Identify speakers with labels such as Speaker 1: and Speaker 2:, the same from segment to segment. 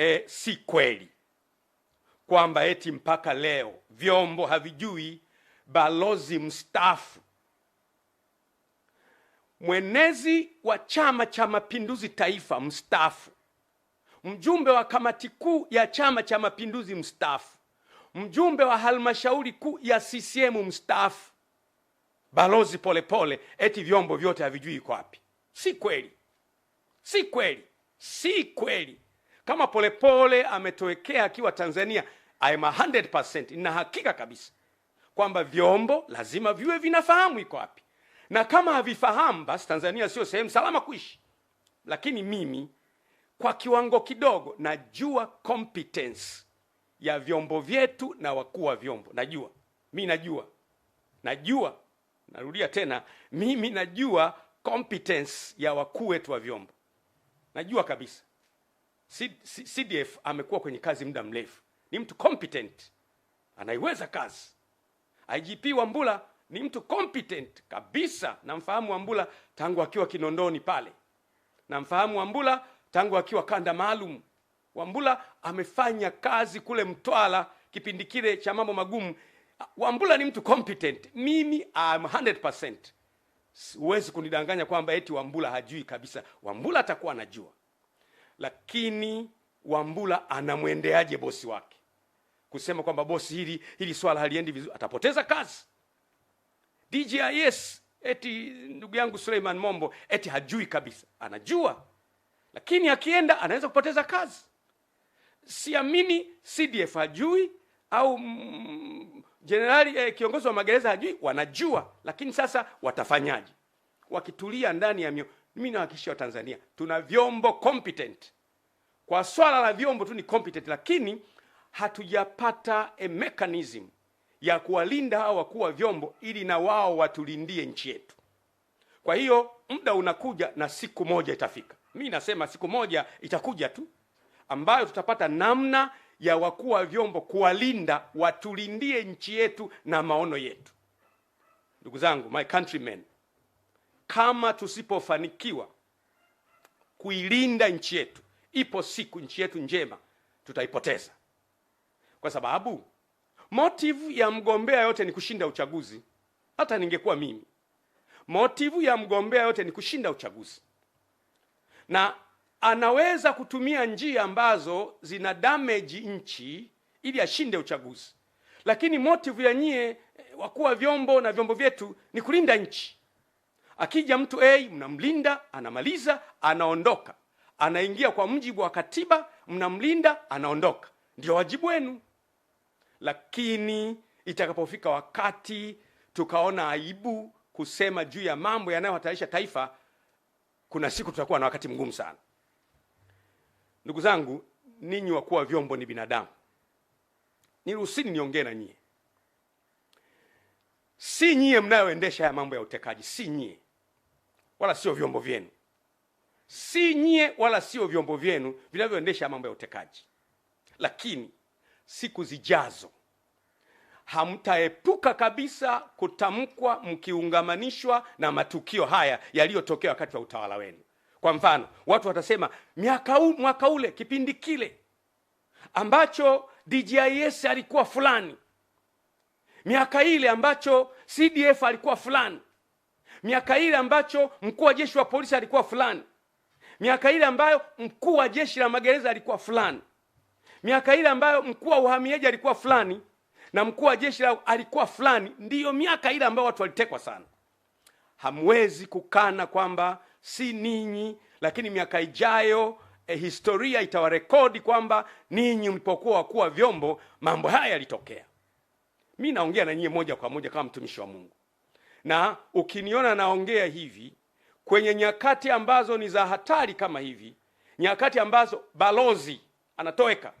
Speaker 1: e, si kweli kwamba eti mpaka leo vyombo havijui balozi mstaafu mwenezi wa Chama cha Mapinduzi taifa mstaafu, mjumbe wa kamati kuu ya Chama cha Mapinduzi mstaafu, mjumbe wa halmashauri kuu ya CCM mstaafu, balozi Polepole pole, eti vyombo vyote havijui iko wapi? Si kweli, si kweli, si kweli kama Polepole ametowekea akiwa Tanzania, I am 100% nina hakika kabisa kwamba vyombo lazima viwe vinafahamu iko wapi, na kama havifahamu basi Tanzania sio sehemu salama kuishi. Lakini mimi kwa kiwango kidogo najua competence ya vyombo vyetu na wakuu wa vyombo, najua mi, najua najua, narudia tena, mimi najua competence ya wakuu wetu wa vyombo, najua kabisa. CDF amekuwa kwenye kazi muda mrefu, ni mtu competent, anaiweza kazi. IGP wambula ni mtu competent kabisa, namfahamu wambula tangu akiwa Kinondoni pale, namfahamu wambula tangu akiwa kanda maalum. wambula amefanya kazi kule Mtwara kipindi kile cha mambo magumu. wambula ni mtu competent, mimi am 100%. Huwezi kunidanganya kwamba eti wambula hajui kabisa. wambula atakuwa anajua lakini Wambula anamwendeaje bosi wake kusema kwamba bosi, hili hili swala haliendi vizuri, atapoteza kazi. DGIS eti ndugu yangu Suleiman Mombo eti hajui kabisa, anajua, lakini akienda anaweza kupoteza kazi. Siamini CDF hajui au mm, jenerali eh, kiongozi wa magereza hajui. Wanajua, lakini sasa watafanyaje? Wakitulia ndani ya mioyo mimi nawahakikishia Watanzania tuna vyombo competent. Kwa swala la vyombo tu ni competent, lakini hatujapata a mechanism ya kuwalinda hawa wakuu wa vyombo ili na wao watulindie nchi yetu. Kwa hiyo muda unakuja na siku moja itafika, mi nasema siku moja itakuja tu ambayo tutapata namna ya wakuu wa vyombo kuwalinda, watulindie nchi yetu na maono yetu. Ndugu zangu, my countrymen kama tusipofanikiwa kuilinda nchi yetu, ipo siku nchi yetu njema tutaipoteza, kwa sababu motivu ya mgombea yote ni kushinda uchaguzi. Hata ningekuwa mimi, motivu ya mgombea yote ni kushinda uchaguzi, na anaweza kutumia njia ambazo zina damage nchi ili ashinde uchaguzi, lakini motivu ya nyie eh, wakuwa vyombo na vyombo vyetu ni kulinda nchi. Akija mtu A mnamlinda, anamaliza, anaondoka, anaingia kwa mujibu wa katiba, mnamlinda, anaondoka. Ndio wajibu wenu. Lakini itakapofika wakati tukaona aibu kusema juu ya mambo yanayohatarisha taifa, kuna siku tutakuwa na wakati mgumu sana. Ndugu zangu, ninyi wakuwa vyombo ni binadamu, niruhusini niongee na nyie. Si nyie mnayoendesha haya mambo ya utekaji, si nyie wala sio vyombo vyenu, si nyie wala sio vyombo vyenu vinavyoendesha mambo ya utekaji. Lakini siku zijazo hamtaepuka kabisa kutamkwa mkiungamanishwa na matukio haya yaliyotokea wakati wa utawala wenu. Kwa mfano, watu watasema miaka u, mwaka ule kipindi kile ambacho DJIS alikuwa fulani, miaka ile ambacho CDF alikuwa fulani miaka ile ambacho mkuu wa jeshi wa polisi alikuwa fulani, miaka ile ambayo mkuu wa jeshi la magereza alikuwa fulani, miaka ile ambayo mkuu wa uhamiaji alikuwa fulani na mkuu wa jeshi la alikuwa fulani, ndiyo miaka ile ambayo watu walitekwa sana. Hamwezi kukana kwamba si ninyi, lakini miaka ijayo eh, historia itawarekodi kwamba ninyi mlipokuwa wakuu wa vyombo mambo haya yalitokea. Mi naongea na nyie moja kwa moja kama mtumishi wa Mungu na ukiniona naongea hivi kwenye nyakati ambazo ni za hatari kama hivi, nyakati ambazo balozi anatoweka,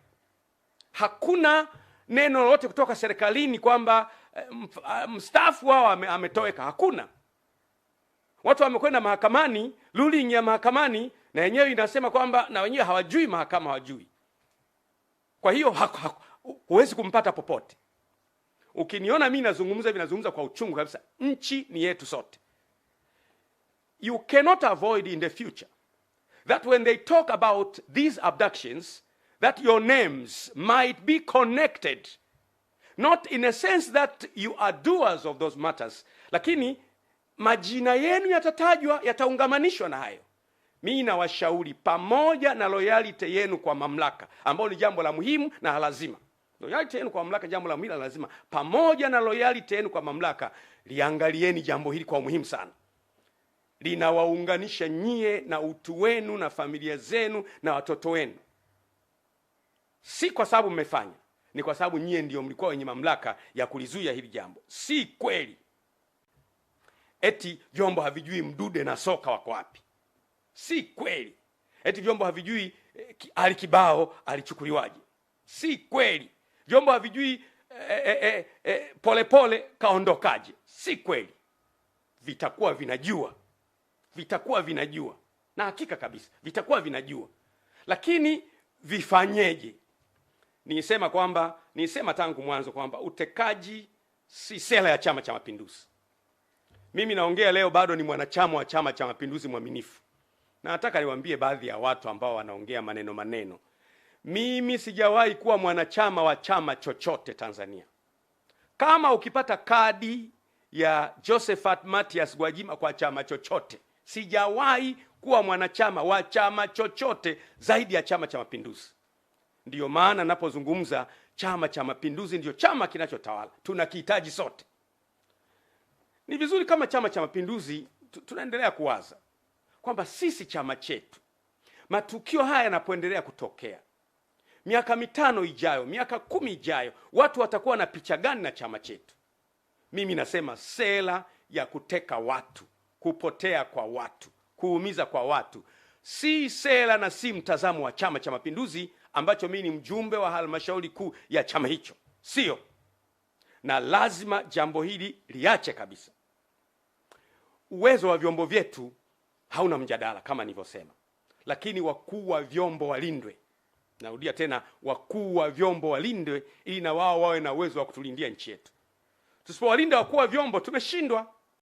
Speaker 1: hakuna neno lolote kutoka serikalini kwamba eh, ah, mstaafu wao ametoweka. Hakuna. Watu wamekwenda mahakamani, ruling ya mahakamani na yenyewe inasema kwamba na wenyewe hawajui, mahakama hawajui. Kwa hiyo huwezi kumpata popote. Ukiniona mimi nazungumza hivi, nazungumza kwa uchungu kabisa. Nchi ni yetu sote. You cannot avoid in the future that when they talk about these abductions that your names might be connected not in a sense that you are doers of those matters, lakini majina yenu yatatajwa, yataungamanishwa na hayo. Mi nawashauri pamoja na loyalty yenu kwa mamlaka, ambayo ni jambo la muhimu na lazima Loyalty yenu kwa mamlaka, jambo la mila lazima, pamoja na loyalty yenu kwa mamlaka, liangalieni jambo hili kwa umuhimu sana. Linawaunganisha nyie na utu wenu na familia zenu na watoto wenu, si kwa sababu mmefanya, ni kwa sababu nyie ndio mlikuwa wenye mamlaka ya kulizuia hili jambo. Si kweli eti vyombo havijui Mdude na Soka wako wapi. Si kweli eti vyombo havijui eh, Ali Kibao alichukuliwaje. Si kweli vyombo havijui eh, eh, eh, Polepole eh, kaondokaje. Si kweli, vitakuwa vinajua, vitakuwa vinajua na hakika kabisa vitakuwa vinajua, lakini vifanyeje? nisema kwamba nisema tangu mwanzo kwamba utekaji si sera ya Chama cha Mapinduzi. Mimi naongea leo bado ni mwanachama wa Chama cha Mapinduzi mwaminifu, na nataka niwaambie baadhi ya watu ambao wanaongea maneno maneno mimi sijawahi kuwa mwanachama wa chama chochote Tanzania. Kama ukipata kadi ya Josephat Matias Gwajima kwa chama chochote, sijawahi kuwa mwanachama wa chama chochote zaidi ya Chama cha Mapinduzi. Ndiyo maana napozungumza Chama cha Mapinduzi ndiyo chama kinachotawala, tunakihitaji sote. Ni vizuri kama Chama cha Mapinduzi tunaendelea kuwaza kwamba sisi chama chetu, matukio haya yanapoendelea kutokea miaka mitano ijayo, miaka kumi ijayo, watu watakuwa na picha gani na chama chetu? Mimi nasema sera ya kuteka watu, kupotea kwa watu, kuumiza kwa watu, si sera na si mtazamo wa Chama cha Mapinduzi ambacho mimi ni mjumbe wa halmashauri kuu ya chama hicho, sio na lazima jambo hili liache kabisa. Uwezo wa vyombo vyetu hauna mjadala kama nilivyosema, lakini wakuu wa vyombo walindwe narudia tena, wakuu wa vyombo walindwe, ili na wao wawe na uwezo wa kutulindia nchi yetu. Tusipowalinda wakuu wa vyombo, tumeshindwa.